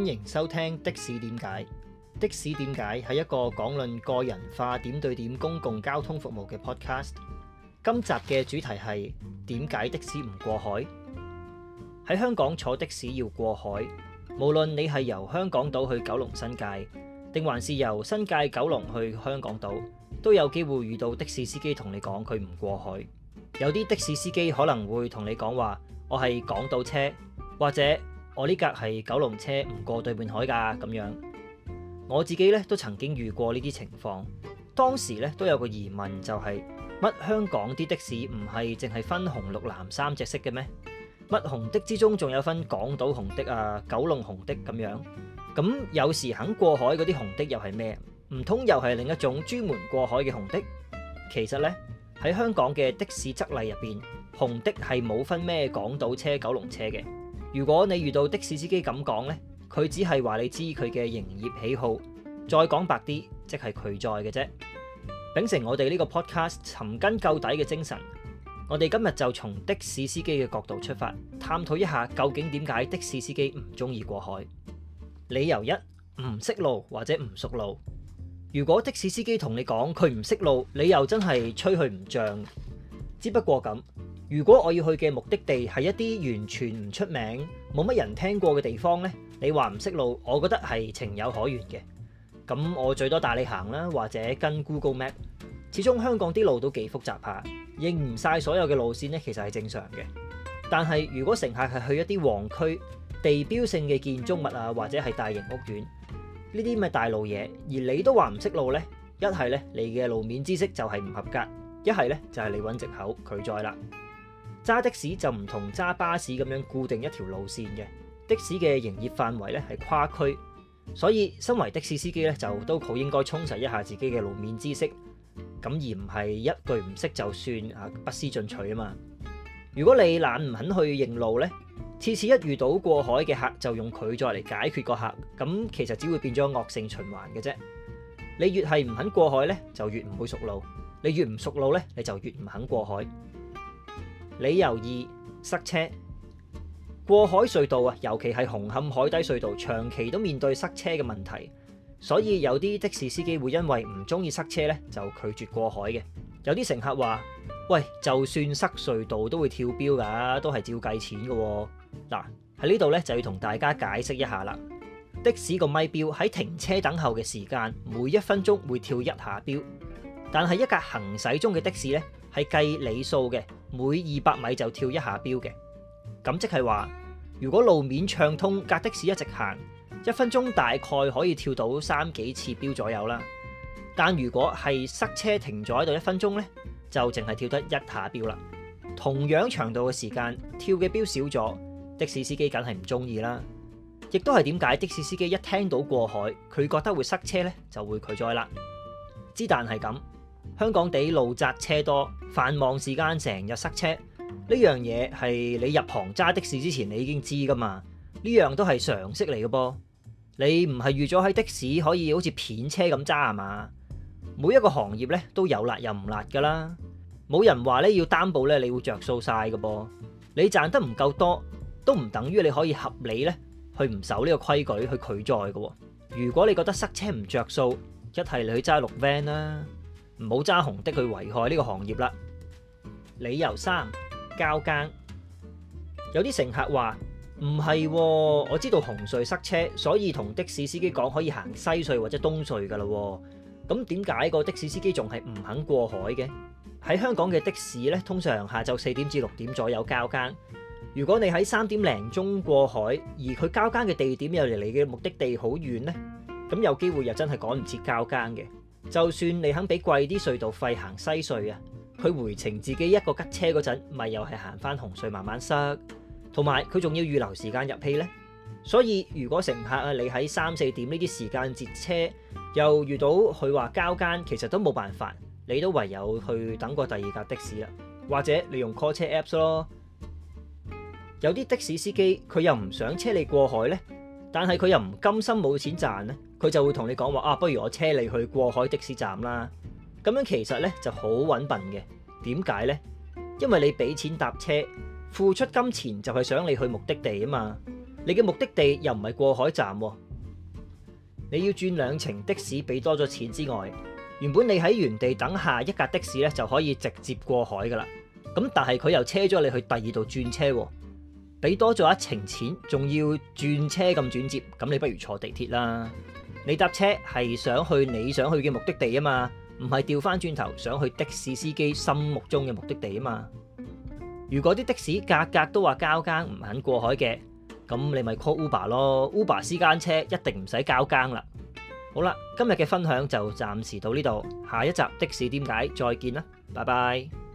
歡迎收聽的士點解？的士點解係一個講論個人化點對點公共交通服務嘅 podcast。今集嘅主題係點解的士唔過海？喺香港坐的士要過海，無論你係由香港島去九龍新界，定還是由新界九龍去香港島，都有機會遇到的士司機同你講佢唔過海。有啲的士司機可能會同你講話：我係港島車，或者。我呢架係九龍車，唔過對面海噶咁樣。我自己咧都曾經遇過呢啲情況，當時咧都有個疑問，就係乜香港啲的士唔係淨係分紅、綠、藍三隻色嘅咩？乜紅的之中仲有分港島紅的啊、九龍紅的咁樣？咁有時肯過海嗰啲紅的又係咩？唔通又係另一種專門過海嘅紅的？其實呢，喺香港嘅的士則例入邊，紅的係冇分咩港島車、九龍車嘅。如果你遇到的士司機咁講咧，佢只係話你知佢嘅營業喜好。再講白啲，即係拒載嘅啫。秉承我哋呢個 podcast 尋根究底嘅精神，我哋今日就從的士司機嘅角度出發，探討一下究竟點解的士司機唔中意過海。理由一，唔識路或者唔熟路。如果的士司機同你講佢唔識路，你又真係吹佢唔脹，只不過咁。如果我要去嘅目的地係一啲完全唔出名、冇乜人聽過嘅地方呢，你話唔識路，我覺得係情有可原嘅。咁我最多帶你行啦，或者跟 Google Map。始終香港啲路都幾複雜吓，認唔晒所有嘅路線呢，其實係正常嘅。但係如果乘客係去一啲旺區、地標性嘅建築物啊，或者係大型屋苑呢啲咁嘅大路嘢，而你都話唔識路呢，一係呢你嘅路面知識就係唔合格，一係呢就係你揾藉口拒載啦。揸的士就唔同揸巴士咁樣固定一條路線嘅，的士嘅營業範圍咧，係跨區，所以身為的士司機咧，就都好應該充實一下自己嘅路面知識，咁而唔係一句唔識就算啊，不思進取啊嘛。如果你懶唔肯去認路呢，次次一遇到過海嘅客就用佢再嚟解決個客，咁其實只會變咗惡性循環嘅啫。你越係唔肯過海呢，就越唔會熟路；你越唔熟路呢，你就越唔肯過海。理由二，塞車。過海隧道啊，尤其係紅磡海底隧道，長期都面對塞車嘅問題，所以有啲的士司機會因為唔中意塞車咧，就拒絕過海嘅。有啲乘客話：喂，就算塞隧道都會跳表噶,都係照計錢嘅。嗱，喺呢度咧就要同大家解釋一下啦。的士個咪表喺停車等候嘅時間，每一分鐘會跳一下表，但係一架行駛中嘅的，的士咧。係計里數嘅，每二百米就跳一下標嘅。咁即係話，如果路面暢通，隔的士一直行，一分鐘大概可以跳到三幾次標左右啦。但如果係塞車停咗喺度一分鐘呢，就淨係跳得一下標啦。同樣長度嘅時間，跳嘅標少咗，的士司機梗係唔中意啦。亦都係點解的士司機一聽到過海，佢覺得會塞車呢，就會拒載啦。之但係咁。香港地路窄車多，繁忙時間成日塞車，呢樣嘢係你入行揸的士之前你已經知噶嘛？呢樣都係常識嚟嘅噃。你唔係預咗喺的士可以好似片車咁揸嘛？每一個行業咧都有辣又唔辣噶啦，冇人話咧要擔保咧你會着數晒嘅噃。你賺得唔夠多，都唔等於你可以合理咧去唔守呢個規矩去拒載噶喎。如果你覺得塞車唔着數，一係你去揸六 van 啦。唔好揸紅的去危害呢個行業啦。理由三，交更。有啲乘客話：唔係喎，我知道紅隧塞車，所以同的士司機講可以行西隧或者東隧㗎啦。咁點解個的士司機仲係唔肯過海嘅？喺香港嘅的士咧，通常下晝四點至六點左右交更。如果你喺三點零鐘過海，而佢交更嘅地點又離你嘅目的地好遠呢，咁有機會又真係趕唔切交更嘅。就算你肯俾貴啲隧道費行西隧啊，佢回程自己一個吉車嗰陣，咪又係行翻紅隧慢慢塞，同埋佢仲要預留時間入閘呢。所以如果乘客啊，你喺三四點呢啲時間截車，又遇到佢話交更，其實都冇辦法，你都唯有去等個第二架的士啦，或者你用 call 車 apps 咯。有啲的士司機佢又唔想車你過海呢，但係佢又唔甘心冇錢賺咧。佢就會同你講話啊，不如我車你去過海的士站啦。咁樣其實咧就好揾笨嘅，點解呢？因為你俾錢搭車，付出金錢就係想你去目的地啊嘛。你嘅目的地又唔係過海站，啊，你要轉兩程的士，俾多咗錢之外，原本你喺原地等下一架的士咧就可以直接過海噶啦。咁但係佢又車咗你去第二度轉車，啊，俾多咗一程錢，仲要轉車咁轉接，咁你不如坐地鐵啦。你搭車係想去你想去嘅目的地啊嘛，唔係調翻轉頭想去的士司機心目中嘅目的地啊嘛。如果啲的士價格格都話交更唔肯過海嘅，咁你咪 call Uber 咯，Uber 私家車一定唔使交更啦。好啦，今日嘅分享就暫時到呢度，下一集的士點解再見啦，拜拜。